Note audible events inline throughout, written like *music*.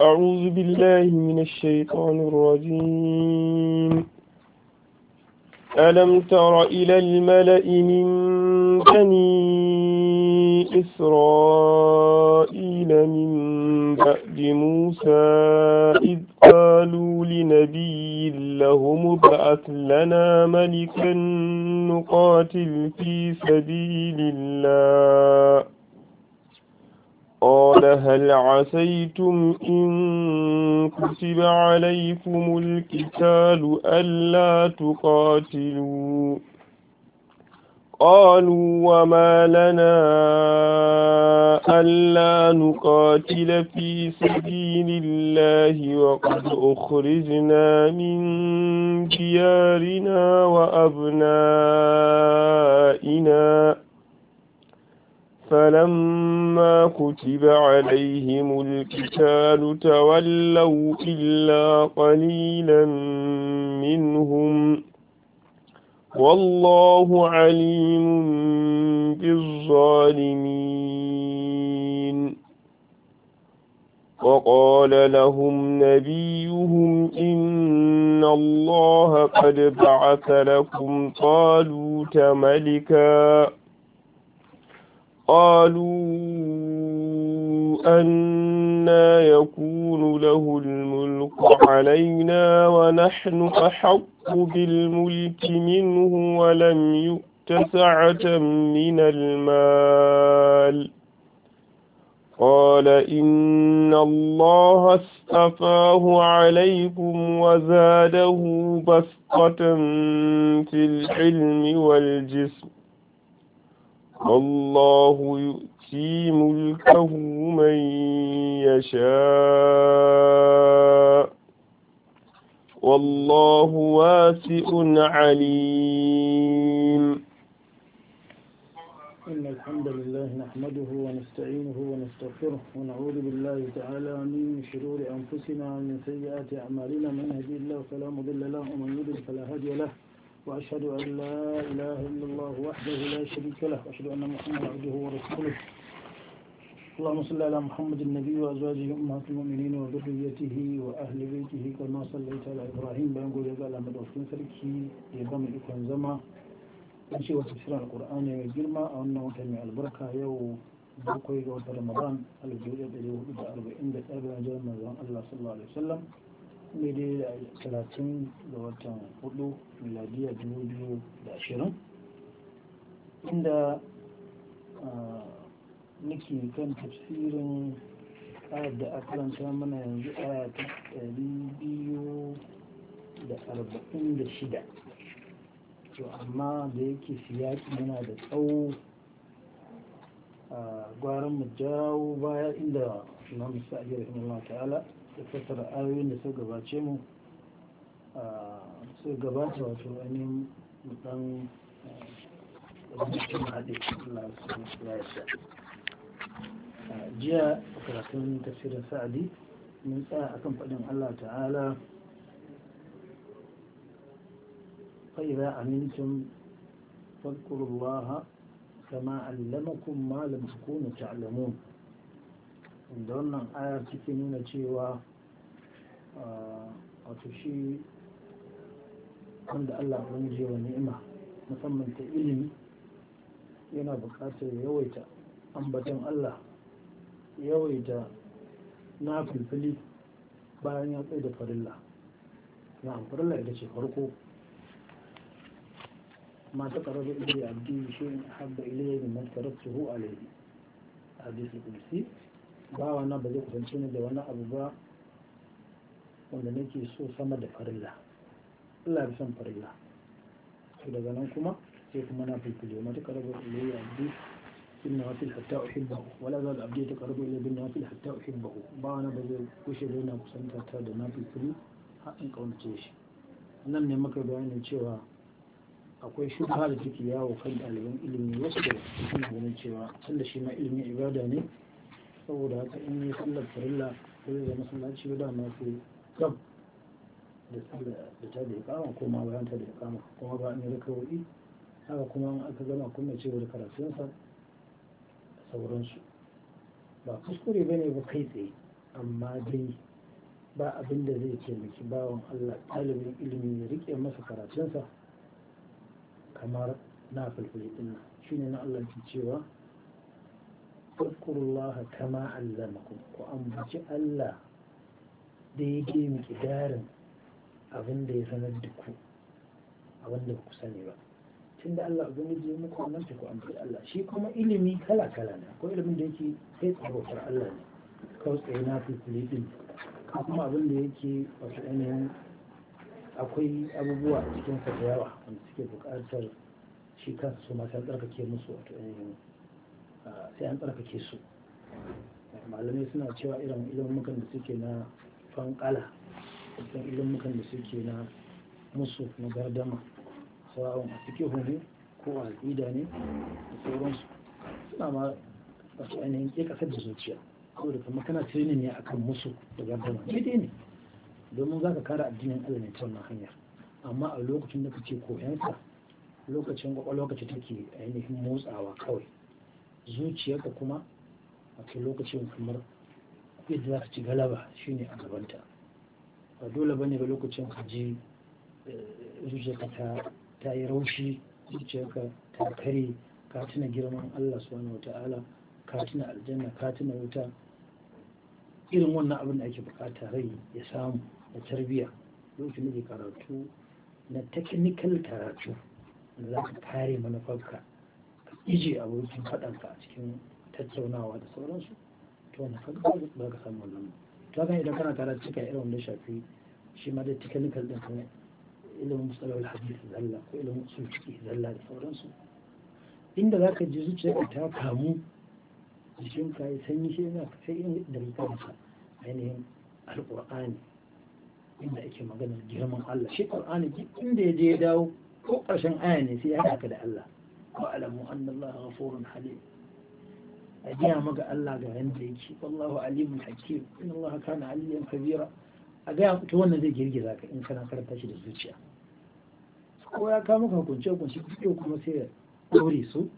أعوذ بالله من الشيطان الرجيم ألم تر إلى الملأ من بني إسرائيل من بعد موسى إذ قالوا لنبي لهم ابعث لنا ملكا نقاتل في سبيل الله قال هل عسيتم إن كتب عليكم الكتال ألا تقاتلوا قالوا وما لنا ألا نقاتل في سبيل الله وقد أخرجنا من ديارنا وأبنائنا فلما كتب عليهم القتال تولوا إلا قليلا منهم والله عليم بالظالمين وقال لهم نبيهم إن الله قد بعث لكم طالوت ملكاً قالوا أنا يكون له الملك علينا ونحن أحق بالملك منه ولم يؤت سعة من المال قال إن الله اصطفاه عليكم وزاده بسطة في الحلم والجسم والله يؤتي ملكه من يشاء والله واسع عليم إن الحمد لله نحمده ونستعينه ونستغفره ونعوذ بالله تعالى من شرور أنفسنا ومن سيئات أعمالنا من يهدي الله فلا مضل له ومن يضلل فلا هادي له وأشهد أن لا إله إلا الله وحده لا شريك له وأشهد أن محمدا عبده ورسوله اللهم صل على محمد النبي وأزواجه أمهات المؤمنين وذريته وأهل بيته كما صليت على إبراهيم بأن قول يقال أحمد وفين سركي يقام الإكوان زما أنشي وتفسير القرآن يجرما أو أنه تنمي البركة يوم بقوي رمضان الجوية دليل أربعين دقائق جاء الله صلى الله عليه وسلم daidai da talatin da watan hudu miladiya dubu biyu da ashirin inda nake kan tafsirin ayar da akaranta mana yanzu aya ta biyu da arba'in da shida to amma da yake siyaki yana da tsawo a gwaran mu jawo baya inda na sa'ayi rahimahullah ta'ala da fassara ayoyin da suka gabace mu suka gabata wato ainihin mutan rubutun eh, haɗe jiya a karatun tafsirin sa'adi mun tsaya akan faɗin allah ta'ala faira amincin فاذكروا ha كما علمكم ما لم تكونوا ta'alamu inda wannan aya cikin nuna cewa wato shi wanda Allah ya je wa ni'ima musamman ta ilimi yana bukatar yawaita ambaton Allah yawaita na filfili bayan ya tsaye da farilla na farilla da ce farko mata tsara da ilimi abdi shi habba ilimi da matsarar tuhu alayhi a bisa kulisi na ba zai kusance da wani abu ba wanda nake so sama da farilla Allah ya son farilla to daga nan kuma sai kuma na fulfule mata karabar ilayya abdi bin nawafil hatta uhibbahu wala za da abdi ta karabar ilayya bin nawafil hatta uhibbahu ba wani ba zai kushe da yana kusanta ta da na fulfule har in kaunace shi nan ne maka bayanin cewa akwai shuka da take yawo kan ɗaliban ilimi wasu da suna ganin cewa sanda shi ma ilimin ibada ne saboda haka in yi sallar farilla ko zai zama sallaci ba dama sai kam da sallah da ta da ikama ko ma bayan ta da ikama kuma ba an yi rakawai haka kuma an aka gama kuma ce da karatunsa da sauransu ba kuskure ba ba kai tsaye amma dai ba abin da zai taimaki bawan Allah ɗalibin ilimi ya riƙe masa karatunsa kamar na falfali ɗin ne na Allah ke cewa fadkurullah kama allamakum ku ambaci Allah da daidai miƙidarin abin da ya sanar da ku abin da ku sani ba tun da Allah ubangiji ya muku wannan ku amfani Allah shi kuma ilimi kala kala ne akwai ilimin da yake kai tsarotar Allah ne kawai tsaye na fi filifin kuma abin da yake wasu ainihin akwai abubuwa a cikin sa da yawa wanda suke buƙatar shi kansu su masu tsarkake musu wato ainihin ah, sai an tsarkake su malamai suna cewa irin ilimin da suke na fankala ilin mukan da suke na musu na gardama a cikin hudu ko a al'ida ne da sauransu suna ma su ainihin ke kasar da zuciya da kuma kana tirni ne a kan musu da gardama daidai ne domin za ka kara addinin allah ne ta wannan hanyar amma a lokacin da kake koyanka lokacin kwakwalwa ce take ainihin motsawa kawai zuciyarka kuma a lokacin kamar yadda za ci galaba shine a gabanta ba dole bane ga lokacin haji eh, zuciyarka ta ta yi raushi zuciyarka ta kare ka tuna girman Allah subhanahu wataala ka tuna aljanna ka tuna wuta irin wannan abin da ake bukata rai ya samu na tarbiyya lokacin da karatu na technical karatu za ka kare manufarka ka ije abokin faɗanka a cikin tattaunawa da sauransu wani kaga ba ka samu wannan ba kaga idan kana tare da cika irin wanda shafi shi ma da technical din kuma ilimin musalawar hadisi zalla ko ilimin usul fiqh zalla da sauransu inda za ka ji zuciyarka ta kamu jikin ka sanyi shi yana sai in da mutansa ainihin alƙur'ani inda ake maganar girman Allah shi ƙur'ani inda ya je ya dawo ko ƙarshen aya ne sai ya haɗa da Allah ko alamu annallaha ghafurun halim a gaya maga Allah ga yanda yake wallahu alimul hakim in Allah kana aliyan kabira a gaya ta wannan zai girgiza ka in kana karanta shi da zuciya ko ya kama ka kunce kunce kuɗi kuma sai ya ɗaure su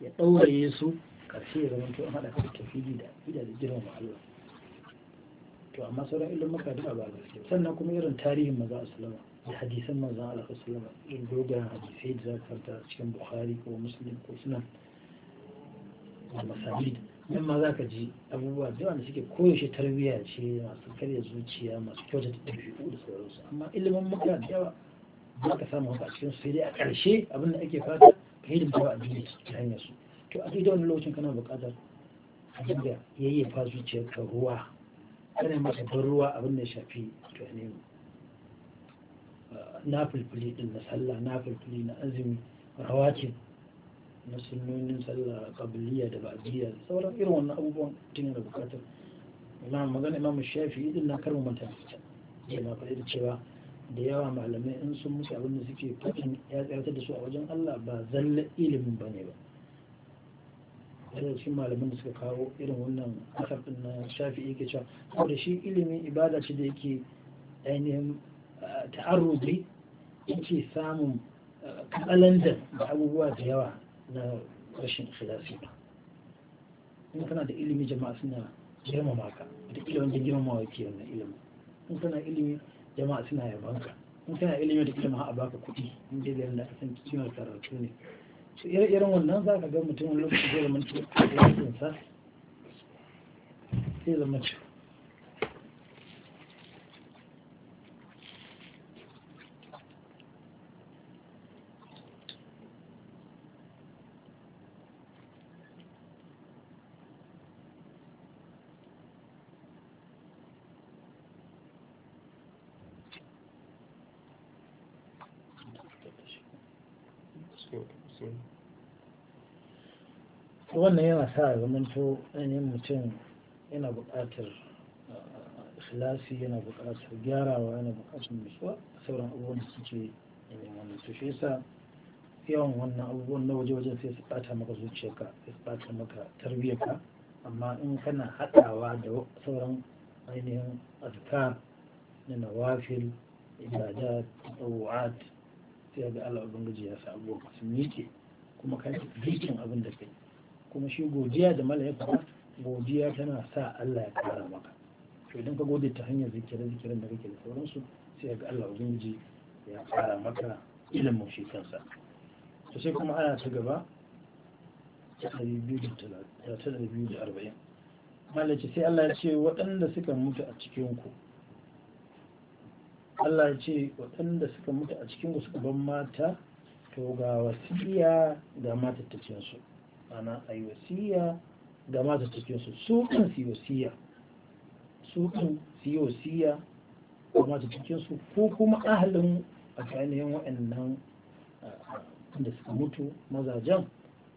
ya ɗauraye su ƙarshe ya zama to hada haɗa ka da tafidi da ida da Allah to amma sauran ilmin maka duka ba gaske sannan kuma irin tarihin maza sallama da hadisan manzon Allah sallama irin dogayen hadisai da zakarta ka cikin Bukhari ko Muslim ko Sunan da masalid ma za ka ji abubuwa da yawa da suke koyaushe tarbiyya ce masu karya zuciya masu kyautata ɗabi'u da sauransu amma ilimin muka da yawa za ka samu haka a cikin sai dai a ƙarshe abin da ake fata ka yi da a duniya ta hanyar su to a duk da wani lokacin kana buƙatar a dinga yayyafa zuciyar ka ruwa kana masa ban ruwa abin da ya shafi to ne ah, na fulfuli din na sallah na fulfuli na azumi rawatin na sunnonin sallah kabiliya da ba'adiyya da sauran irin wannan abubuwan tun yana bukatar imam magana imam shafi idin na karmu mata yana faɗi da cewa da yawa malamai in sun musu abin da suke fatin ya tsarkar da su a wajen Allah ba zalla ilimin ba ne ba daga cikin malamin da suka kawo irin wannan asar na shafi yake cewa da shi ilimin ibada ce da yake ainihin ta'arrubi yake samun kalandar da abubuwa da yawa na rashin khilafi ba in kana da ilimi jama'a suna girmama ka ilimin da girmama wa ke wannan ilimi in kana ilimi jama'a suna yaban ka in kana ilimi da kilma a baka kudi in dai da yanda ka san kimar karatu ne to irin wannan za ka ga mutum wani lokaci zai zama cikin sa sai zama cikin wannan yana sa zamanto ainihin mutum yana buƙatar ah, ikhlasi yana buƙatar gyarawa yana buƙatar nutsuwa sauran abubuwan da suke yin wannan to shi yasa yawan wannan abubuwan na waje-wajen sai su ɓata maka zuciyarka sai su ɓata maka tarbiyyarka amma in kana haɗawa da sauran ainihin azkar na nawafil ibada tsawuat sai ga Allah ubangiji ya sa abubuwan su miƙe kuma ka yi abin da kai kuma shi godiya da mala ya faɗa godiya tana sa Allah ya kara maka to idan ka gode ta hanyar zikirin zikirin da kake da sauransu sai ga Allah ubangiji ya kara maka ilimin shi kansa to sai kuma ana ta gaba ta 240 malaci sai Allah ya ce waɗanda suka mutu a cikinku Allah ya ce waɗanda suka mutu a cikinku suka ban mata to ga wasiya ga matattacinsu ana a yi wasiya ga mata cikinsu su sukan su yi wasiya kan su yi wasiya ko kuma ahalin a tsakanin waɗannan ah, da suka mutu mazajen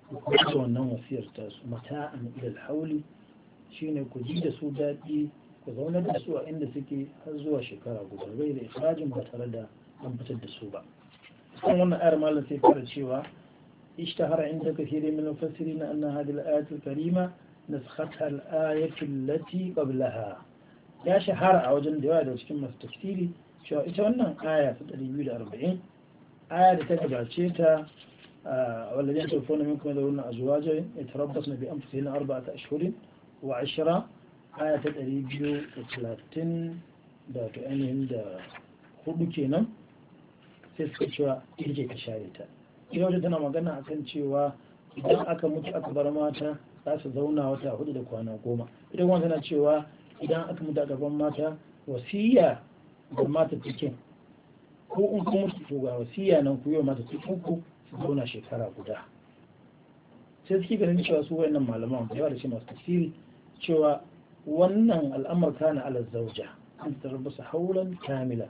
ko kuma wannan wasiyar ta su an ilal hauli shine ku ji da su dadi ku zauna da su a inda suke har zuwa shekara guda bai da ikhrajin ba tare da an fitar da su ba kuma wannan ayar malam sai fara cewa اشتهر عند كثير من المفسرين أن هذه الآية الكريمة نسختها الآية التي قبلها يا شهر أو جن دواد وشكمة التفسيري شو إتونا آية في الريبيل أربعين آية تقبل شيتا آه والذين توفون منكم يذرون أزواجا يتربصن بأنفسهن أربعة أشهر وعشرة آية الريبيل وثلاثين دا كأنهم دا da hudu إرجيك sai suka ita wata tana magana a kan cewa idan aka mutu aka bar mata za su zauna wata hudu da kwana goma ita kuma tana cewa idan aka mutu aka bar mata wasiya ga mata cikin ko in kun mutu to ga wasiya nan ku yi mata cikin ku su zauna shekara guda sai suke ganin cewa su wayannan malaman da yawa da shi masu tasiri cewa wannan al'amar kana ala zauja an tarbusa haulan kamila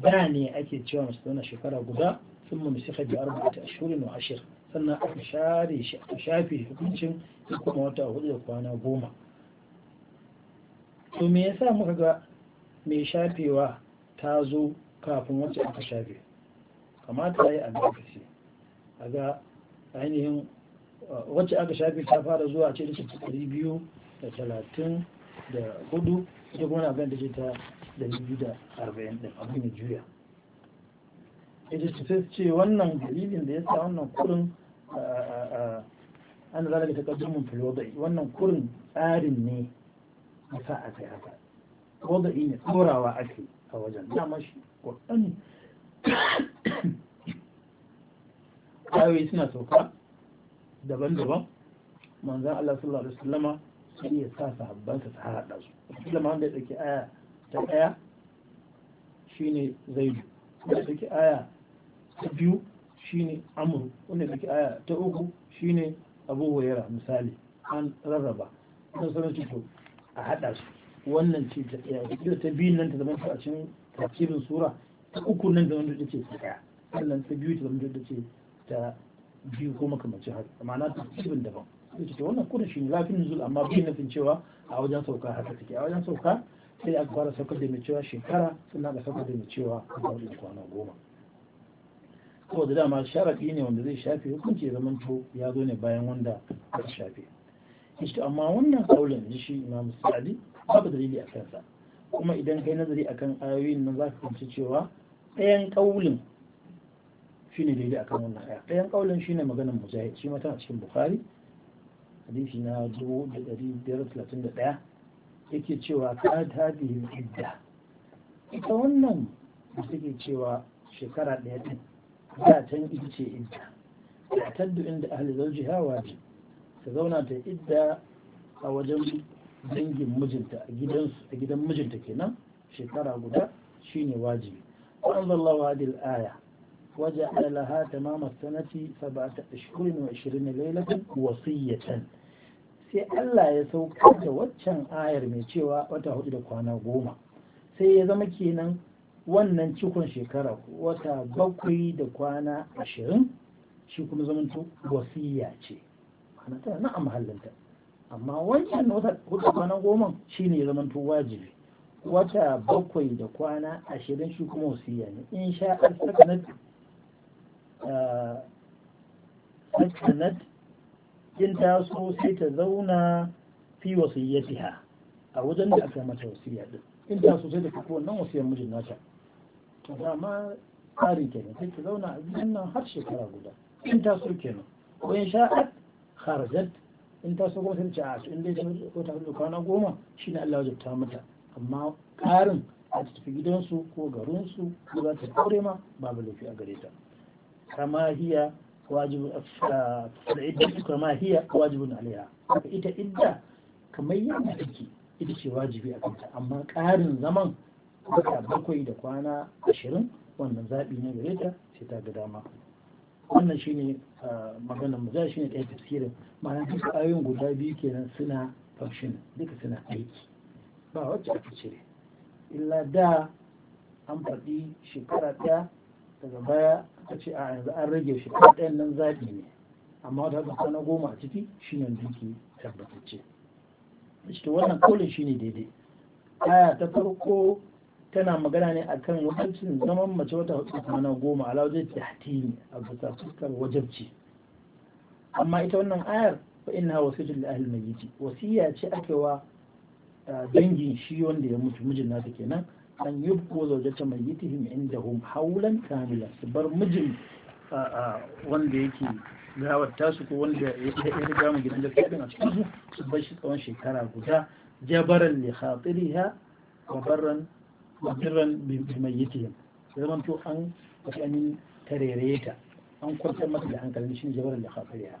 da ne ake cewa masu zauna shekara guda ثم مسخ بأربعة أشهر وعشر sannan aka share shi aka shafe hukuncin da kuma wata hudu da kwana goma to me yasa muka ga mai shafewa ta zo kafin wacce aka shafe kamata yi albarkaci a ga ainihin wacce aka shafe ta fara zuwa a cikin ɗari biyu da talatin da hudu ita kuma na abin da ke ta ɗari biyu da arba'in ɗin abin da juya ita ce wannan dalilin da ya sa wannan kurin an zara da takaddumin filwadai wannan kurin tsarin ne a sa a kai haka wadai ne tsorawa ake a wajen dama shi waɗannan ayoyi suna sauka daban-daban manzan Allah sallallahu alaihi wasallama sai ya sa sahabbansa su haɗa su kila ma wanda ya ɗauki aya ta ɗaya shine zaidu wanda ya ɗauki aya ta biyu shine amru wanda take aya ta uku shine abu wayara misali an rarraba ta sanar ciki a hada su wannan ce ta ta biyu nan ta zama a cikin tafsirin sura ta uku nan zama da ce ta daya sannan ta biyu ta zama da ce ta biyu ko makamancin haka ma'ana cikin daban sai ce wannan kuma shi ne lafin nuzul amma bai nufin cewa a wajen sauka haka take a wajen sauka sai aka fara saukar da mai cewa shekara sannan aka saukar da mai cewa a kwana goma saboda dama sharafi ne wanda zai shafe hukunci ya zamanto ya zo ne bayan wanda ya shafe shi amma wannan kaulin da shi imam sa'adi babu dalili a kansa kuma idan kai nazari akan ayoyin nan za ka fahimci cewa ɗayan kaulin shine daidai akan wannan aya ɗayan kaulin shine maganar mujahid shi ma tana cikin bukhari hadisi na 1531 yake cewa ta tabi idda ita wannan da suke cewa shekara ɗaya din da can ita ce idda da inda ahli zawjiha waje. ta zauna ta idda a wajen dangin mijinta a gidansu a gidan mijinta kenan shekara guda shine wajibi wa anzalallahu hadhihi al-aya وجعل لها sanati sab'ata ashhurin wa 20 laylatan wasiyatan sai Allah ya sauka da waccan ayar mai cewa wata hudu da kwana goma sai ya zama kenan wannan cikon shekara wata bakwai da kwana ashirin shi kuma zamanto wasiya ce ana tana na a mahallinta amma wancan wata hudu kwana goma shi ne zamanto wajibi wata bakwai da kwana ashirin shi kuma wasiya ne in sha sakanat ah, sakanat in ta so sai ta zauna fi wasiyyatiha a wajen da aka mata wasiya din in ta so sai ta kafa wannan wasiyar mijin nata to dama tsari kenan sai ta zauna a gidan nan har shekara guda in ta so kenan ko in sha'at kharajat in ta so kuma ce a su inda ta ko ta kwana goma shine Allah ya jabta mata amma karin a tafi gidansu ko garinsu ko za ta ma babu laifi a gare ta kama hiya wajibu al'idda kama hiya ita idda kamar yadda take ita ce wajibi a kanta amma ƙarin zaman wata bakwai da kwana ashirin wannan zaɓi na gare ta sai ta ga dama wannan shine magana mu za ne ɗaya tafsirin ma'ana duka ayoyin guda biyu kenan suna function duka suna aiki ba wacce aka cire illa da an faɗi shekara ɗaya daga baya aka ce a yanzu an rage shekara ɗayan nan zaɓi ne amma wata haka kwana goma a ciki shi ne duki tabbatacce cikin wannan kolin shi ne daidai aya ta farko tana magana ne akan wajibcin zaman mace wata hudu kwana goma ala wajen ne a bisa fuskar wajibci amma ita wannan ayar fa inna wasiyatul li ahli mayyiti wasiya ce ake wa dangin shi wanda ya mutu mijin nasa kenan an yubqu zawjata mayyitihim indahum haulan kamila su bar mijin wanda yake gawar tasu ko wanda ya riga mu gidan da kadin a cikin su bar shi tsawon shekara guda jabaran li khatiriha wa barran wa birran bi mayyitihim ya zama to an wasu an tarere ta an kwantar masa da hankalin shi ne jabaran da khafariya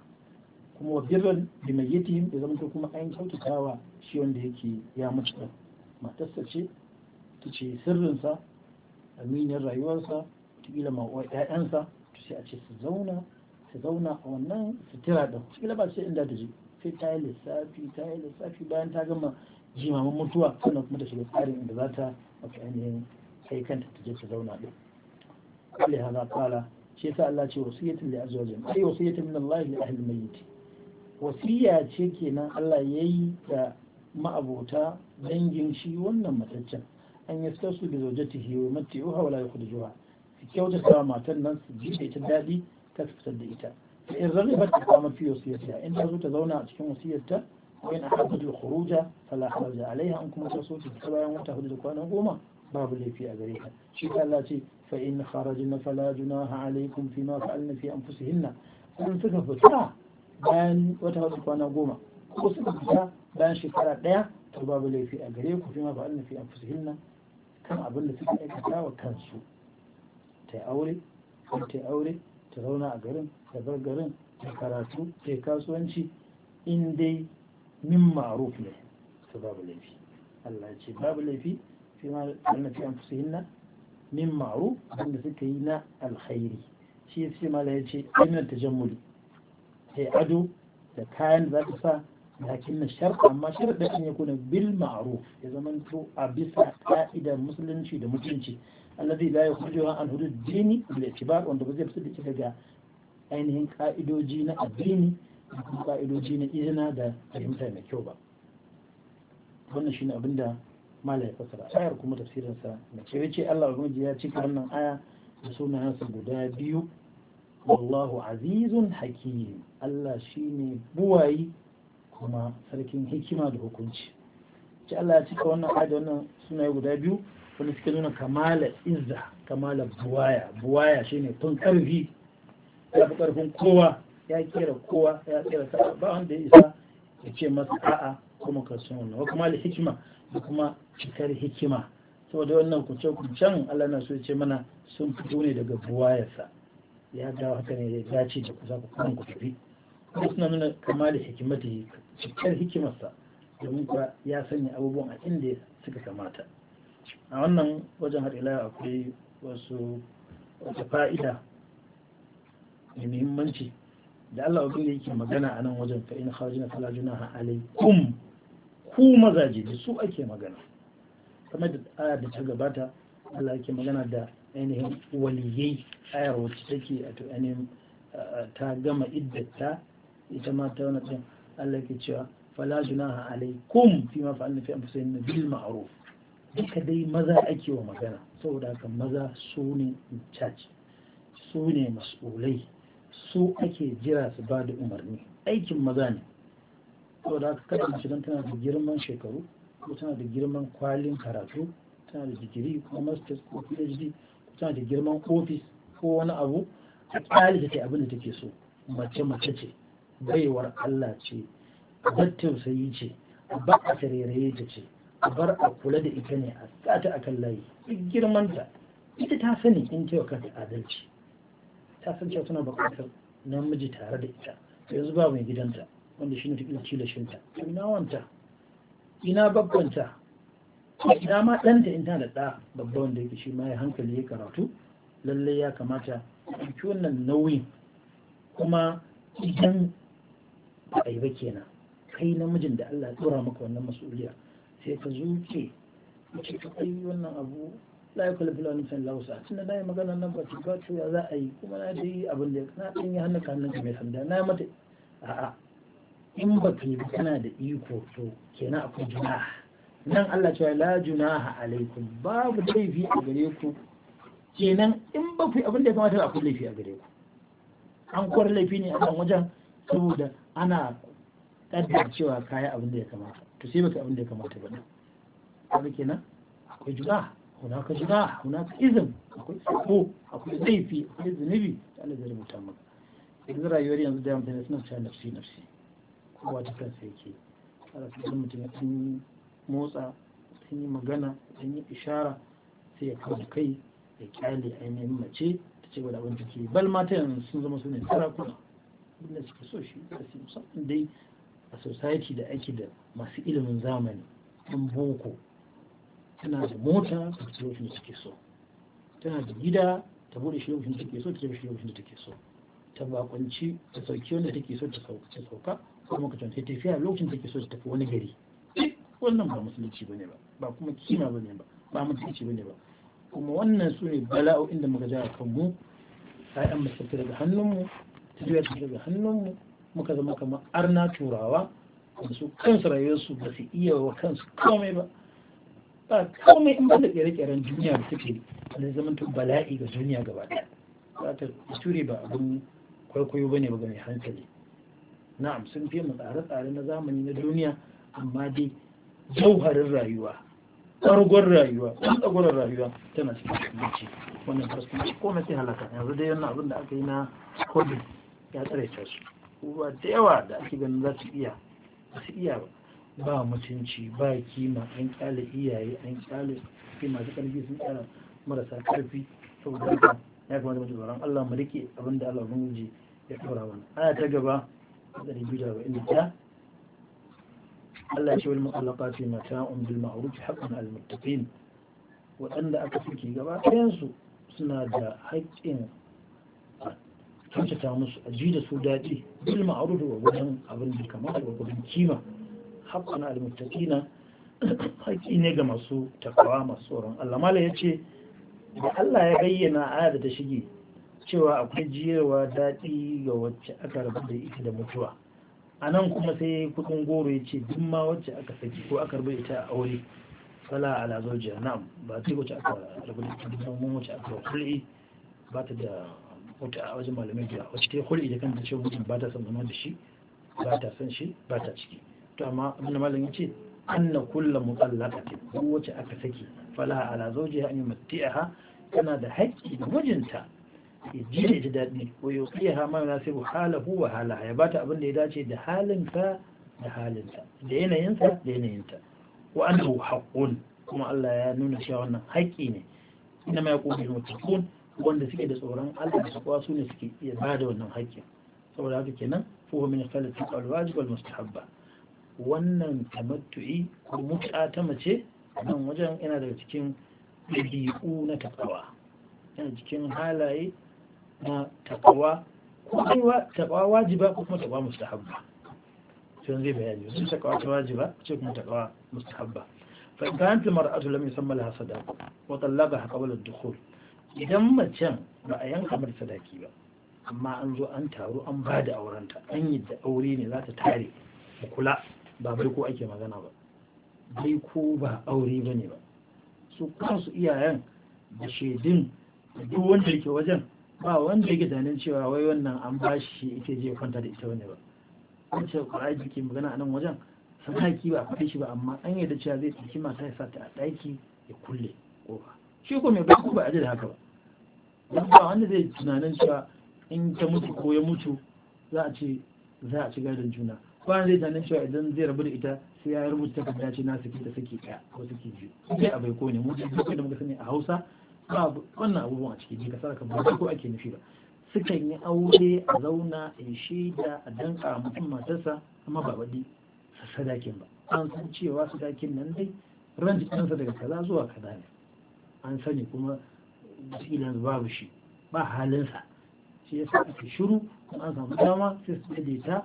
kuma wa birran bi mayyitihim ya zama to kuma an wa shi wanda yake ya mutu din matarsa ce ta ce sirrinsa aminin rayuwarsa kila ma ƴaƴansa to sai a ce su zauna su zauna a wannan sutura din kila ba sai inda ta je sai ta yi lissafi ta yi lissafi bayan ta gama jimamin mutuwa sannan kuma ta shiga tsarin inda za ta wata ainihin kai kanta ta je ta zauna ɗin kalli haza kala shi yasa Allah ce wasiyyatin li azwajin ai wasiyyatin min Allah li ahli mayyit wasiya ce kenan Allah yayi ga ma'abota dangin shi wannan mataccen an yi stasu da zaujatihi wa matti'uha wala yukhrijuha su kyautata matan nan su ji ta daɗi ta fitar da ita in rarrafa ta kama fi wasiyarta in ta zo ta zauna a cikin wasiyarta wani ahadar yi kuruja falahar da alaiha in kuma sa soci ta bayan wata hudu da kwanan goma babu laifi a gare ta shi ta lace fa'in harajin na falajuna ha alaikun fi ma fa'al na fi an fusi hinna kuma suka fita bayan wata hudu kwana goma kuma suka fita bayan shekara ɗaya to babu laifi a gare ku fi ma fa'al na fi an fusi hinna kan abin suka aikata wa kansu ta yi aure kan ta yi aure ta zauna a garin ta bar garin ta karatu ta kasuwanci in dai min ma'ruf ne ta babu laifi Allah ce babu laifi fi ma wannan fi anfusihinna min ma'ruf wanda suka yi na alkhairi shi ya ce mala ya ce inna tajammuli sai ado da kayan da za sa lakin na sharɗa amma sharɗa an ya kuna bil ma'ruf ya zama to a bisa ka'idar musulunci da mutunci allazi la yakhruju an hudud dini bil itibar wanda ba zai fita daga ainihin ka'idoji na addini ka'idoji na izina da fahimta mai kyau ba wannan shine abin da mala ya fasara ayar kuma tafsirinsa na ce Allah ubangiji ya cika wannan aya da sunayensa guda biyu wallahu azizun hakim Allah shi ne buwayi kuma sarkin hikima da hukunci ce Allah ya cika wannan aya da wannan sunaye guda biyu wani suke nuna kamala izza kamala buwaya buwaya shine tun karfi ya fi karfin kowa ya kera kowa ya kera ka ba wanda ya isa ya ce masa a'a kuma ka sun wannan kuma da hikima da kuma cikar hikima saboda wannan kuce kucen Allah na so ya ce mana sun fito ne daga buwayarsa ya ga haka ne ya dace da ku za ku kuma ku tafi kuma suna nuna kamar da cikar hikimarsa domin kuwa ya sanya abubuwan a inda suka kamata a wannan wajen har ila akwai wasu wata fa'ida mai muhimmanci da Allah abin da yake magana a nan wajen fa in kharajna fala alaikum ku mazaje da su ake magana kamar da aya da ta gabata Allah yake magana da ainihin waliyai ayar wacce take a to eh, ta gama iddata ita ma ta wani can Allah yake cewa fala junaha alaikum fi ma fi’an fusayin na bil ma'ruf duka dai maza ake wa magana saboda haka maza su ne in charge su ne mas'ulai su ake jira su ba da umarni aikin maza ne da aka kada mace don tana da girman shekaru ko tana da girman kwalin karatu tana da digiri ko masters ko phd ko tana da girman ofis ko wani abu a tsari da ke abin da take so mace mace ce baiwar Allah ce bar tausayi ce ba a tareraye ta ce a bar a kula da ita ne a sata akan layi duk girmanta ita ta sani in ta kanta adalci ta san cewa tana bukatar namiji tare da ita yanzu ba mai gidanta wanda shi ne ta ɗauki lashinta ina wanta ina babbanta ina ma ɗanta in tana da ɗa babba wanda yake shi ma ya hankali ya karatu lallai ya kamata ɗauki wannan nauyi kuma idan ba ba kenan kai namijin da Allah ya tura maka wannan mas'uliya sai ka zuke ce ka wannan abu la ya kula wani san lausa tun da na yi nan ba ba cewa za a yi kuma na ta yi abin da na ɗin yi hannun kanun ka mai sanda na mata a'a in ba ka yi kana da iko to kenan akwai junaha nan Allah cewa la junaha alaikum babu laifi a gare ku kenan in ba ku yi abin da ya kamata ba akwai laifi a gare ku an kwar laifi ne a kan wajen saboda ana ƙaddar cewa kaya abin da ya kamata to sai ka abin da ya kamata ba ne kenan akwai junaha hunaka jira hunaka izin akwai sako akwai laifi akwai zunubi da Allah zai rubuta maka yanzu rayuwar yanzu da mutane suna cewa nafsi nafsi kowa ta kansa yake tsara su zama mutum sun yi motsa sun yi magana sun yi ishara sai ya kawo kai ya kyale ainihin mace ta ce wadda abin take bal mata yanzu sun zama su ne sarakuna inda suka so shi da su musamman dai a society da ake da masu ilimin zamani an boko tana da mota ta ce da take so tana da gida ta bude shi da take so ta ce shi da take so ta bakonci ta sauki wanda take so ta sauka kuma ka tantai tafiya lokacin take so ta tafi wani gari wannan ba musulunci bane ba ba kuma kima bane ba ba mutunci bane ba kuma wannan su ne bala'o inda muka ja a kanmu an musulunci daga hannunmu tafiyar daga hannunmu muka zama kamar arna turawa da su kansu rayuwarsu ba su iya wa kansu komai ba ba komai in bada kere-keren duniya da suke da zaman tun bala'i ga duniya gaba ɗaya za ta ture ba abin kwaikwayo ba ne ba ga mai hankali na'am sun fiye mu tsare-tsare na zamani na duniya amma dai jauharin rayuwa tsargon rayuwa ɗan rayuwa tana cikin abinci wannan kasuwanci ko mace halaka yanzu dai wannan abin da aka yi na covid ya tsare ta su da yawa da ake ganin za su iya ba su iya ba ba mutunci ba kima an kyale iyaye an kyale kai masu karfi sun kyala marasa karfi da ka. ya kamata da tsoron Allah mu rike abin da Allah ubangiji ya dora mana aya ta gaba dari biyu da arba'in da Allah ya ce wal mu'allaqati mata'un bil ma'ruf haqqan al muttaqin waɗanda aka suke gaba ɗayansu suna da haƙƙin kyautata musu a ji da su daɗi bil ma'ruf wa wajen abin da kamar da gudan kima haƙƙana al muttaqina *coughs* haƙi ne ga masu takawa masu tsoron Allah mala ce da Allah ya bayyana a da ta shige cewa akwai jiyarwa daɗi ga wacce aka rabu da ita da mutuwa a nan kuma sai kudin goro ya ce duk ma wacce aka saki ko aka rabu ita a aure fala ala zaujiya na'am ba ta wacce aka rabu da ita musamman wacce aka da ba ta da wata a wajen malamai da wacce ta yi hulɗi da kanta ce mutum ba ta son zama da shi ba ta son shi ba ta ciki to amma abin da malam yace anna kullu mutallaqatin duk wacce aka saki fala ala zawjiha an yumatti'aha kana da haƙƙi ga mijinta ya ji da ji daɗi ko ya kiyaye ha mai nasibu hala wa hala ya bata abin da ya dace da halinka da halinta da yanayinsa da yanayinta wa annahu haqqun kuma Allah ya nuna cewa wannan haƙƙi ne inna ma yaqulu mutakun wanda suke da tsoron Allah da kuwa su ne suke iya bada wannan haƙƙi saboda haka kenan fuhu min khalati al walmustahabba mustahabba wannan tamattu'i ko mut'a ta mace nan wajen yana daga cikin ɗabi'u na takawa yana cikin halaye na takawa ko takawa wajiba ko kuma takawa mustahabba to zai bayani sun takawa ta wajiba ce kuma takawa mustahabba fa idan ta mar'atu lam yusamma laha sadaq wa talaqaha qabla ad-dukhul idan mace ba a yanka mata sadaki ba amma an zo an taru an bada aurenta an yi da aure ne za ta tare kula ba bai ko ake magana ba bai ko ba aure ba ne ba su kansu iyayen da shaidun duk wanda ke wajen ba wanda yake zanen cewa wai wannan an ba shi ita je kwanta da ita wani ba An ce ko ai ke magana a nan wajen sadaki ba a shi ba amma an yadda cewa zai tsaki mata ya sata a daki ya kulle ba shi ko mai bako ba a da haka ba dan ba wanda zai tunanin cewa in ta mutu ko ya mutu za a ce za a ci gadon juna ba zai tanin cewa idan zai rabu da ita sai ya rubuta takarda ce na suke da suke ɗaya ko suke biyu sai a bai kone mu duk da muka sani a Hausa ba wannan abubuwan a ciki jika kasar ka ba ko ake nufi ba sukan yi aure a zauna a shaida a danka mutum matarsa amma ba baɗi sadakin ba an san cewa sadakin nan dai ran jikinsa daga kaza zuwa kaza ne an sani kuma wataƙila babu shi ba halinsa shi sa ake shiru kuma an samu dama sai su daidaita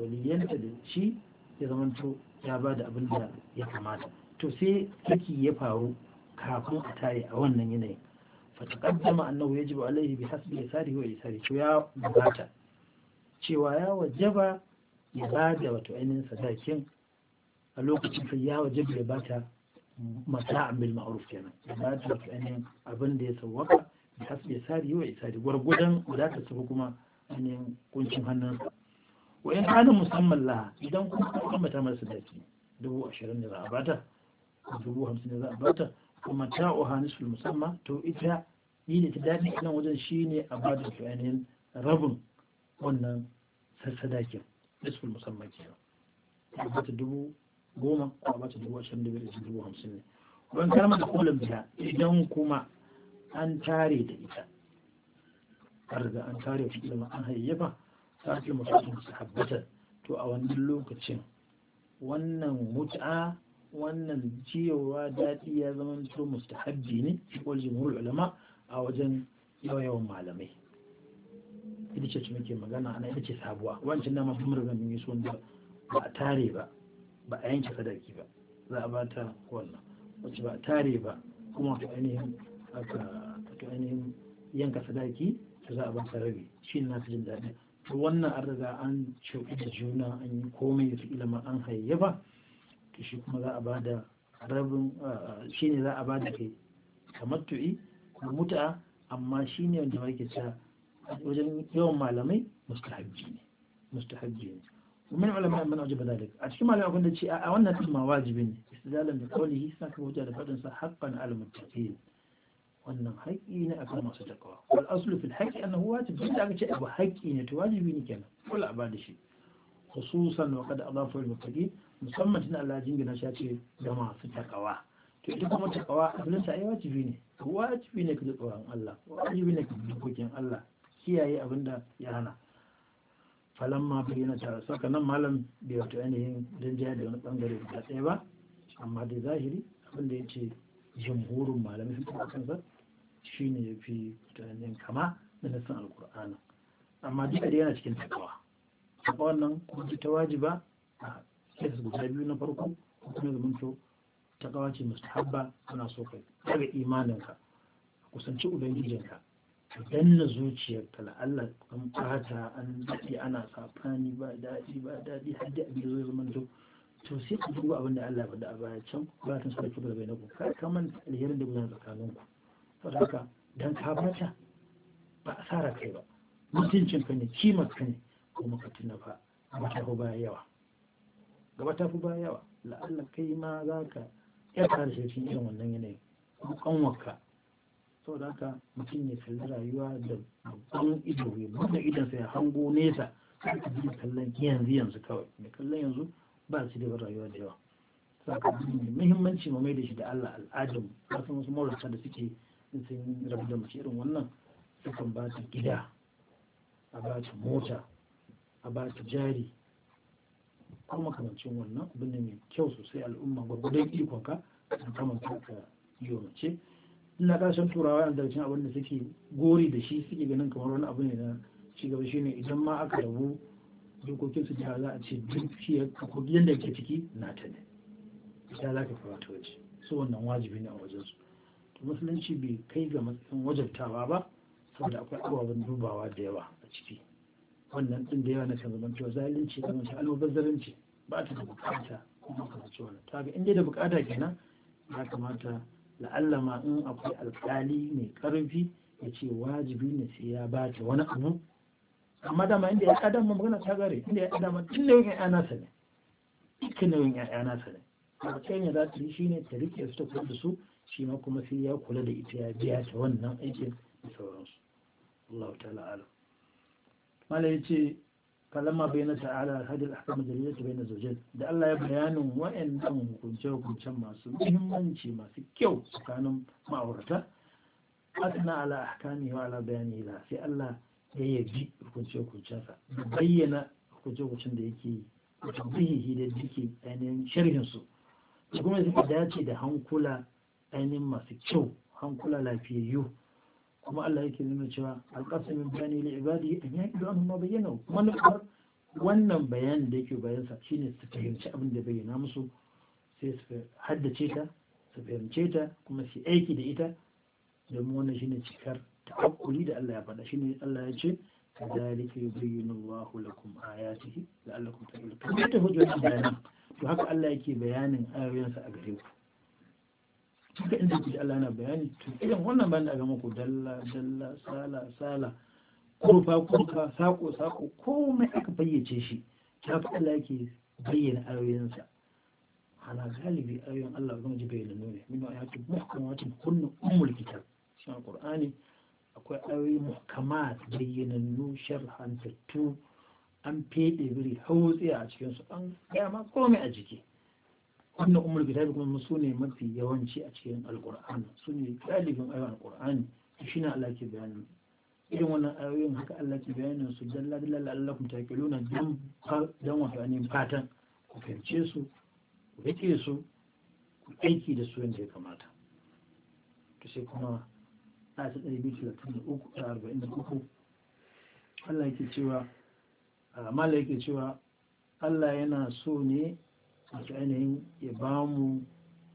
waliyanta da shi ya zamanto ya ba da abin da ya kamata to sai saki ya faru kafin a tare a wannan yanayin fataqaddama annahu yajibu alaihi bi hasbi yasarihi wa yasari to ya bukata cewa ya wajaba ya ba da wato ainihin sadakin a lokacin sai ya wajaba ya bata masa'an bil ma'ruf kenan ya ba da wato ainihin abin da ya sawwaka bi hasbi yasarihi wa yasari gwargwadon wadatar su kuma ainihin kuncin hannunsa wa in musamman la idan kuma kuma ambata masa daki dubu ashirin ne za a bata dubu hamsin ne za a bata kuma ta'uha su musamman to ita yi ne ta daɗin nan wajen shi ne a ba da ainihin rabin wannan sassadakin nisful musamman ke a bata dubu goma a bata dubu ashirin da biyar dubu hamsin ne wani kalmar da kolin biya idan kuma an tare da ita har da an tare da ilma an hayayyafa mutum su habbata to a wannan lokacin wannan mut'a wannan jiyowa daɗi ya zama to mustahabbi ne wal jumhur ulama a wajen yawan malamai ita ce muke magana ana ita ce sabuwa wancan na mafi murgan yi sun wanda ba a tare ba ba a yanke sadaki ba za a bata wannan wacce ba a tare ba kuma ta ainihin aka ta ainihin yanka sadaki ta za a ba ta rabi shi na su jin daɗi. to wannan an riga an cewa da juna an yi komai da ilima an ba to shi kuma za a ba da rabin shi ne za a ba da kai tu'i ko muta amma shi ne wanda ake ta wajen yawan malamai mustahabbi ne mustahabbi ne ومن علماء من أوجب ذلك أتكلم على أقول لك أولا تسمى واجب استدلالا بقوله da بوجه sa حقا على المتقين wannan haƙƙi ne akan masu takawa wal aslu fil haqqi annahu wajib duk da aka ce abu haƙƙi ne to wajibi ne kenan kul a bada shi khususan wa qad adafa al mutaqi musamman tana Allah gina shi ce ga masu takawa to ita kuma takawa abin sa ai wajibi ne wajibi ne ka ji tsoron Allah wajibi ne ka dokokin Allah kiyaye abin da ya hana falamma bayyana ta saka nan malam bai wato ainihin rinjaya da wani bangare da ɗaya ba amma dai zahiri abinda da ya ce jimhurin malamai sun taɓa kansa ne ya fi tunanin kama na nassin alkur'anin amma duk da yana cikin takawa takawa nan kuma ta wajiba a kes guda biyu na farko kuma Ta takawa ce Habba, ana so kai daga imaninka kusanci ubangijinka ka danna zuciyarka la'alla an fata an daɗi ana safani ba daɗi ba daɗi har da abin zai zama to to sai ku duba abin da Allah ya faɗa a baya can ba ta tun suka da bai na ku kar ka alherin da gudanar tsakaninku saboda dan ka bata ba tsara kai ba mutuncin ka ne kimar ka ne kuma ka tuna ba gaba ta ba yawa gaba ta fi ba yawa la'alla kai ma za ka Ya kare shi irin wannan yanayin Sau saboda haka mutum ya kalli rayuwa da babban ido ya buɗe idonsa ya hango nesa ka ji kallon yanzu yanzu kawai mai kallon yanzu ba su da rayuwa da yawa saka muhimmanci mu mai da shi da Allah al'adun kasan wasu marasa da suke in sun rabu da mace irin wannan sukan ba ta gida a ba ta mota a ba ta jari ko makamancin wannan abu ne mai kyau sosai al'umma gwargwadon ikonka ka kamanta ka yi mace Ina kasashen turawa yanzu da cin abin da suke gori da shi suke ganin kamar wani abu ne na cigaba shine idan ma aka rabu dokokin su jiha za a ce dukiyar yadda ke ciki na ta ne ita za ka fara ta waje su wannan wajibi ne a wajen su musulunci bai kai ga matsayin wajabtawa ba saboda akwai ababen dubawa da yawa a ciki wannan din da yawa na kan zaman cewa zalunci da wancan zalunci ba ta da bukata kuma ka zaci wannan ta ga inda da bukata kenan ya kamata la'alla ma in akwai alkali mai karfi ya ce wajibi ne sai ya ba ta wani abu amma dama inda ya kada mu magana ta gare inda ya kada mu tun nauyin ƴaƴa nasa ne dukkan nauyin ƴaƴa nasa ne abu ne za ta yi shine ta rike su ta kudu su shi ma kuma sai ya kula da ita ya biya ta wannan aikin da sauransu Allah ta'ala alam mala ya ce falamma bai na ta'ala a ahkam jalilatu bai na da Allah ya bayanin wa'annan hukunce hukuncen masu muhimmanci masu kyau tsakanin ma'aurata asna ala ahkami wa ala bayani la sai Allah ya yabi hukunce hukuncensa bayyana hukunce hukuncen da yake yi da da yake ainihin sharhin su kuma zai dace da hankula ainihin masu kyau hankula lafiyayyu kuma Allah yake nuna cewa alƙasamin bayani li ibadi an ya ido an ma bayyana manufar wannan bayanin da yake bayan sa shine su fahimci abin da bayyana musu sai su haddace ta su fahimce ta kuma su aiki da ita domin wannan shine cikar ta'akkuli da Allah ya faɗa shine Allah ya ce kadhalika yubayyinu Allahu lakum ayatihi la'allakum tattaqun ta to haka Allah yake bayanin ayoyinsa a gare ku tun inda kuji Allah yana bayani to irin wannan bayan da aka muku dalla dalla sala sala kurfa kurfa sako sako komai aka bayyace shi ta fi Allah yake bayyana ayoyinsa ana galibi ayoyin Allah zan ji bayyana nuna min ma yake muhkamatin kunnu ummul kitab shi alqur'ani akwai ayoyi muhkamat bayyanannu sharhan tattu an fede biri hautsiya a cikinsu an gaya ma komai a jiki wannan umar kitabi kuma su ne mafi yawanci a cikin alkur'ani su ne galibin ayoyin alkur'ani shi na Allah ke bayanin irin wannan ayoyin haka Allah ke bayanin su dalla dalla Allah kun taqiluna dan dan ne fatan ku fahimce su ku rike su ku aiki da su yadda ya kamata to sai kuma a ta uku. Allah ke cewa Allah yake cewa Allah yana so ne wato ainihin ya ba mu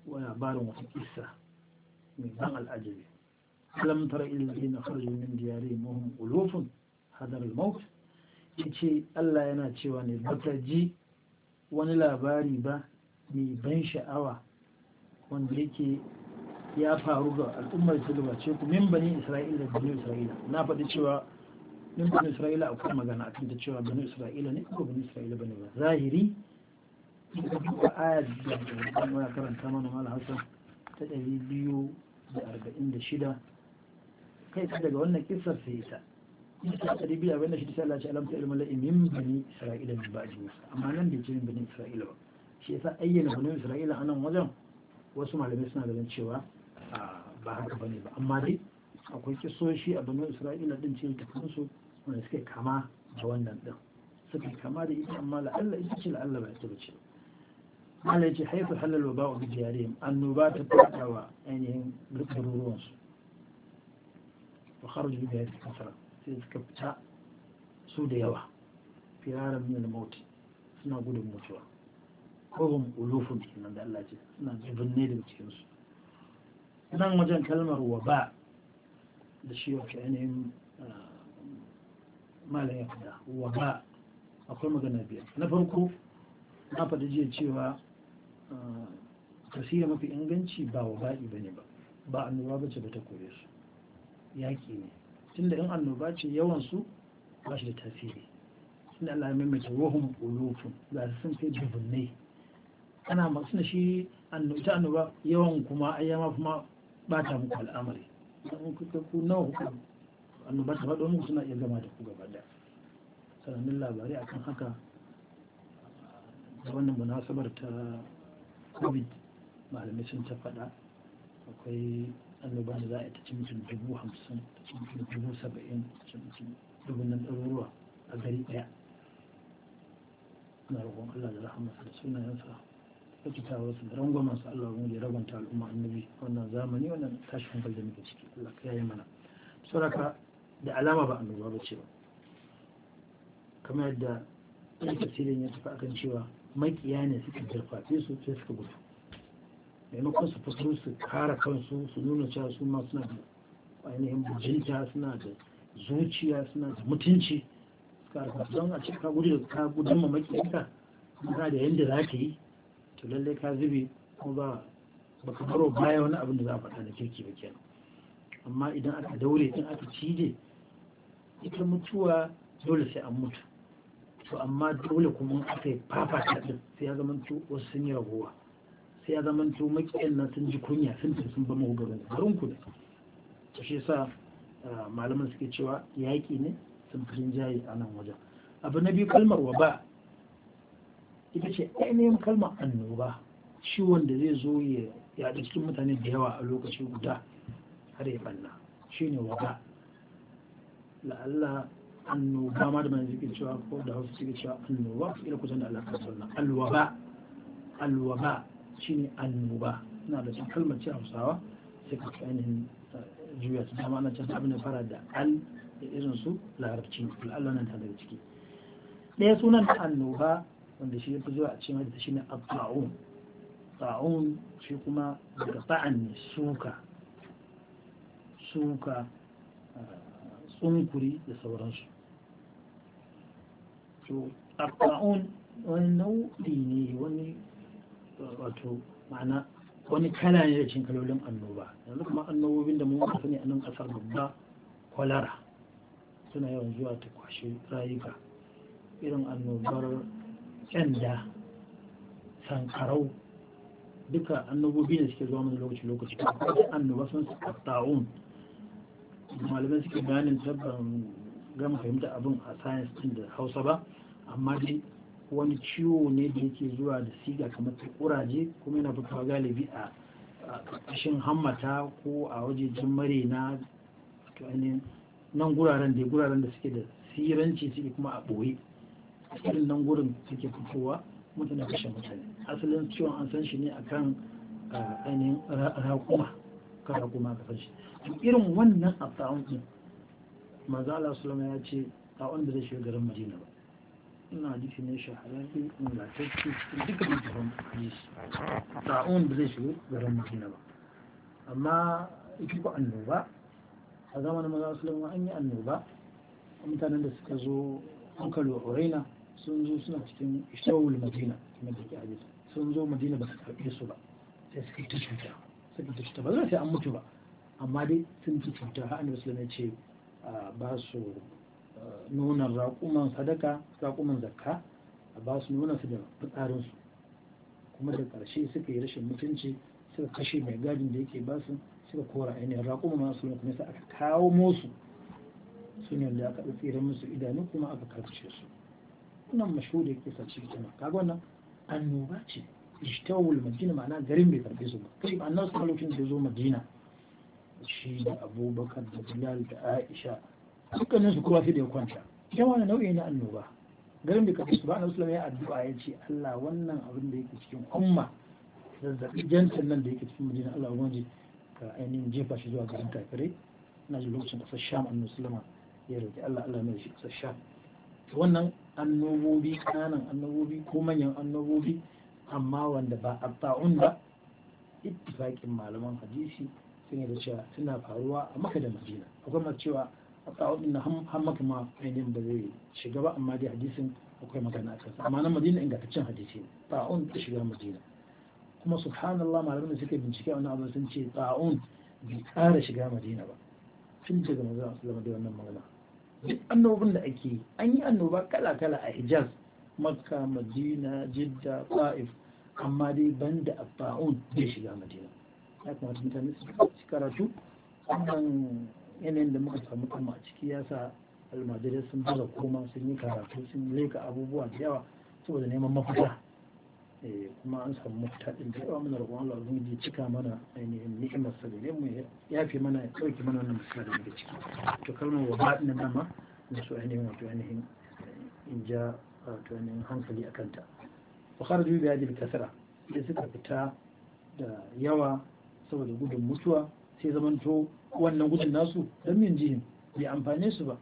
labarin wasu isa mai ban al'ajabi alam tara ilzi na kharju min diyari muhim ulufun hadar al ya ce Allah yana cewa ne bata ji wani labari ba mai ban sha'awa wanda yake ya faru ga al'ummar silba ce ku min bani isra'ila da bani isra'ila na faɗi cewa min bani isra'ila akwai magana kan ta cewa bani isra'ila ne ko bani isra'ila bane ba zahiri duka ayar da muna karanta mana mala hassan ta ɗari biyu da arba'in da shida kai ta daga wannan kisar sai ita ita ɗari biyu arba'in da shida sai Allah ce alamta ilmi la'i min bani isra'ila min ba'di musa amma nan bai ce min bani isra'ila ba shi yasa ayyana bani isra'ila a nan wajen wasu malamai suna ganin cewa ba haka bane ba amma dai akwai kisoshi a bani isra'ila din ce ta kansu wanda suke kama da wannan din suke kama da ita amma la'alla ita ce la'alla ba ita ba ce ba Allah ce haifu halal wa ba'u bijiyarim annoba ta fata wa ainihin garuruwansu wa kharaju bi hadhihi kasara sai suka fita su da yawa firara min al-maut suna gudun mutuwa kohum ulufun kenan da Allah ce suna zubunne daga cikin su nan wajen kalmar wa ba da shi wa ainihin ah, malam ya fada wa ba akwai magana biyar na farko na faɗi jiya cewa tasiri mafi inganci ba wa ba'i ba ne ba ba annoba ba ce ba ta kore su yaƙi ne tunda in annoba ce yawansu ba shi da tasiri tunda Allah ya maimaita ruhun ulufun ba su sun kai dubunnai ana masu na shi ita annoba yawan kuma ayyama kuma ba ta muku al'amari in kuka ku nawa kuka annoba ta faɗo muku suna iya zama da ku gaba da sanannun labarai akan haka da wannan munasabar ta covid malamai sun ta fada akwai annoba da za a yi ta cimcin dubu hamsin ta cimcin dubu saba'in ta cimcin dubu nan ɗaruruwa a gari ɗaya Na roƙon Allah da rahamarsa da sunayensa ta wasu da rangwamansa Allah wani da ragwanta al'umma annabi wannan zamani wannan tashin hankali da muke ciki Allah ka yayi mana sauraka da alama ba annoba ba ce ba kamar yadda ɗan tafsirin ya tafi akan cewa makiya ne suka jirfafe su sai suka gudu maimakon su fito su kara kansu su nuna cewa su ma suna da ainihin bujinta suna da zuciya suna da mutunci suka don a ce ka gudu da ka gudun ma makiyarka ka da yadda za ka yi to lallai ka zube kuma ba ba ka baro baya wani abin da za a faɗa da kirki ba kenan amma idan aka daure idan aka cije ita mutuwa dole sai an mutu to amma dole kuma aka yi fafata din sai ya zama to wasu sun yi raguwa sai ya zama to makiyan nan sun ji kunya sun ce sun ba mu garin garin ku ne to shi yasa ah, malaman suke cewa yaƙi ne sun fi rinjaye a nan wajen abu na biyu kalmar ba ita ce ainihin kalmar annoba ciwon da zai zo ya yaɗa cikin mutane da yawa a lokaci guda har ya banna shi shine waba la'alla annoba ma da mai zike cewa ko da hausa suke cewa annoba su ila kusan da alaƙar sallah alwaba alwaba shine annoba suna da cin kalmar ce hausawa sai ka ainihin eh, juya su dama ana can abin da fara da al da irin su larabci al'allah nan ta daga ciki ɗaya sunan annoba wanda shi yafi zuwa a ce mai da shi ne abba'un ta'un shi kuma daga ta'an ne suka suka eh, tsunkuri da sauransu wato arba'un wani nau'i ne wani wato ma'ana wani kala ne da cin kalolin annoba yanzu kuma annobobin da mun sani a nan kasar babba kwalara suna yawan zuwa ta kwashe rayuka irin annobar kyanda sankarau duka annobobi ne suke zuwa mana lokaci lokaci kuma annoba sun su ta'un malamai suke ganin tabbar gama fahimta abin a science din da hausa ba amma dai wani ciwo ne da yake zuwa da siga kamar ta kuraje kuma yana fitowa galibi a ƙarƙashin hammata ko a wajejen marena nan guraren da guraren da suke da siranci suke kuma a ɓoye irin nan gurin suke fitowa mutane kashe mutane asalin ciwon an san shi ne akan ainihin rakuma ka rakuma ka san shi irin wannan a tsawon mazala sulama ya ce a wanda zai shiga garin madina ba ina hadisi ne shahararri ingantacce duka majalan hadisi ta'un da zai shigo garin madina ba amma iki ba annoba a zamanin maza sulama an yi annoba a mutanen da suka zo a raina sun zo suna cikin shawul madina kuma da ke hadisi sun zo madina ba su karɓe su ba sai suka ta cuta suka ta cuta ba zai sai an mutu ba amma dai sun ci cuta har annabi sulama ya ce ah, ba su nunan raƙuman sadaka raƙuman zakka a ba su nuna su da fitsarinsu kuma da ƙarshe suka yi rashin mutunci suka kashe mai gadin da yake ba su suka kora ainihin raƙuma masu ne kuma aka kawo musu su ne da aka tsira musu idanu kuma aka karkace su wannan yake sace ce kuma kaga wannan annoba ce ishtawul madina ma'ana garin bai karfe su ba kai annabi da zo madina shi da abubakar da bilal da aisha dukkanin su kowa sai da ya kwanta ita wani nau'i na annoba garin da ba a musulmi ya addu'a ya ce Allah wannan abin da yake cikin umma zazzabi jantar nan da yake cikin madina Allah wani ka ainihin jefa shi zuwa garin kafirai na ji lokacin ƙasar sham annu sulama ya rage Allah Allah mai shi ƙasar sham wannan annobobi kananan annobobi ko manyan annobobi amma wanda ba a ta'un ba ittifaqin malaman hadisi sun yi da cewa suna faruwa a maka da madina akwai cewa sa'ud din har maka ma ainihin da zai shiga ba amma dai hadisin akwai magana a kansa amma nan madina ingantaccen hadisi ne ta'un ta shiga madina kuma subhanallah malamin da suka bincike wannan abin sun ce ta'un bai kara shiga madina ba tun daga manzon zama da wannan magana duk annobin da ake yi an yi annoba kala kala a hijaz makka madina jidda ta'if amma dai banda ta'un bai shiga madina ya kamata mutane su karatu wannan yanayin da muka samu kuma a ciki ya sa almajirai sun baza koma sun yi karatu sun leka abubuwa da yawa saboda neman mafita eh, kuma an samu mafita ɗin da yawa mana rukun Allah yi cika mana ainihin ni'imar sa gare mu ya fi mana ya ɗauki mana wannan da muke ciki to kalmar wa baɗin nan ma na su ainihin wato ainihin in ja wato ainihin hankali a kanta wa kharaju bi kasara da suka fita da yawa saboda gudun mutuwa sai to wannan gudun nasu dan min jihin bai amfane su ba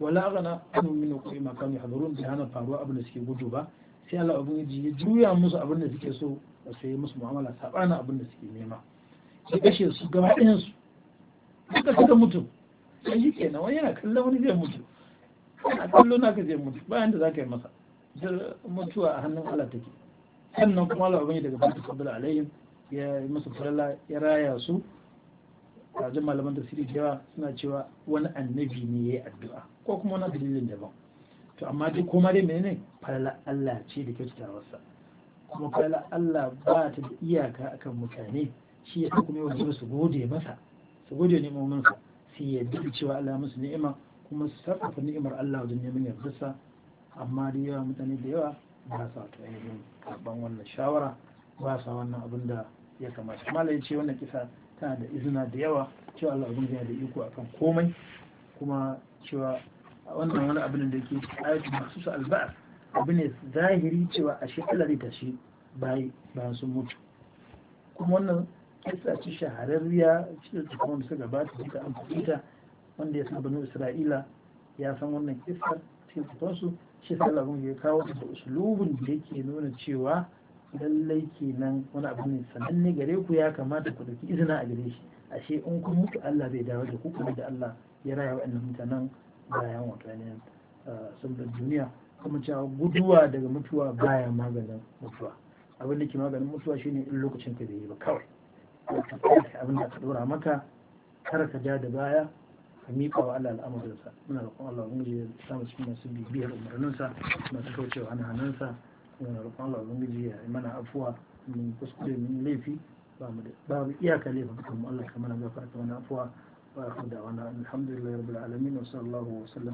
wala gana an min nuqi ma ya yahdurun bi hana faruwa abin da suke gudu ba sai Allah ji ya juya musu abin da suke so sai ya musu mu'amala sabana abin da suke nema sai kashe su gaba ɗayan su suka suka mutu sai yi kenan wani yana kallon wani zai mutu a kallon naka zai mutu bayan da za ka yi masa mutuwa a hannun Allah take sannan kuma Allah ubangiji daga bata sabbala alaihim ya musu falala ya raya su kajin malaman tafsiri da yawa suna cewa wani annabi ne ya yi addu'a ko kuma wani dalilin daban to amma duk koma dai ne falala Allah ce da kyautatawarsa kuma falala Allah ba ta da iyaka akan mutane shi ya kuma yawa zuwa su gode masa su gode nemominsa sai ya duk cewa Allah musu ni'ima kuma su sarrafa ni'imar Allah wajen neman yardarsa amma da yawa mutane da yawa ba sa ta ainihin karban wannan shawara ba sa wannan abin da ya kamata malai ce wannan kisa tana da izina da yawa cewa Allah abin yana da iko akan komai kuma cewa wannan wani abin da ke ayatu masu su alba'ar abu ne zahiri cewa a shi Allah zai tashi bayan sun mutu kuma wannan kisa ce shahararriya cikin cikin wanda suka gabata duka an fahimta wanda ya san banu isra'ila ya san wannan kisa cikin su shi sa Allah ya kawo da usulubin da yake nuna cewa lallai kenan wani abu ne sananne gare ku ya kamata ku dauki izina a gare shi ashe in kun mutu Allah zai dawo da ku kuma da Allah ya raya wa'annan mutanen bayan wato ainihin ah, duniya kuma cewa guduwa daga mutuwa baya maganin mutuwa abin da ke maganin mutuwa shine in lokacin ka bai yi ba kawai abin da ka dora maka kar ka ja da baya ka miƙa wa Allah al'amuransa muna kuma Allah ubangiji ya samu cikin masu bibiyar umarninsa masu kaucewa hannunsa roƙon Allah ubangiji ya mana afuwa mun kuskure mun laifi ba mu iyaka laifin kuma Allah ka mana gafara ta wani afuwa wa da wani alhamdulillah rabbil alamin wa sallallahu wa sallam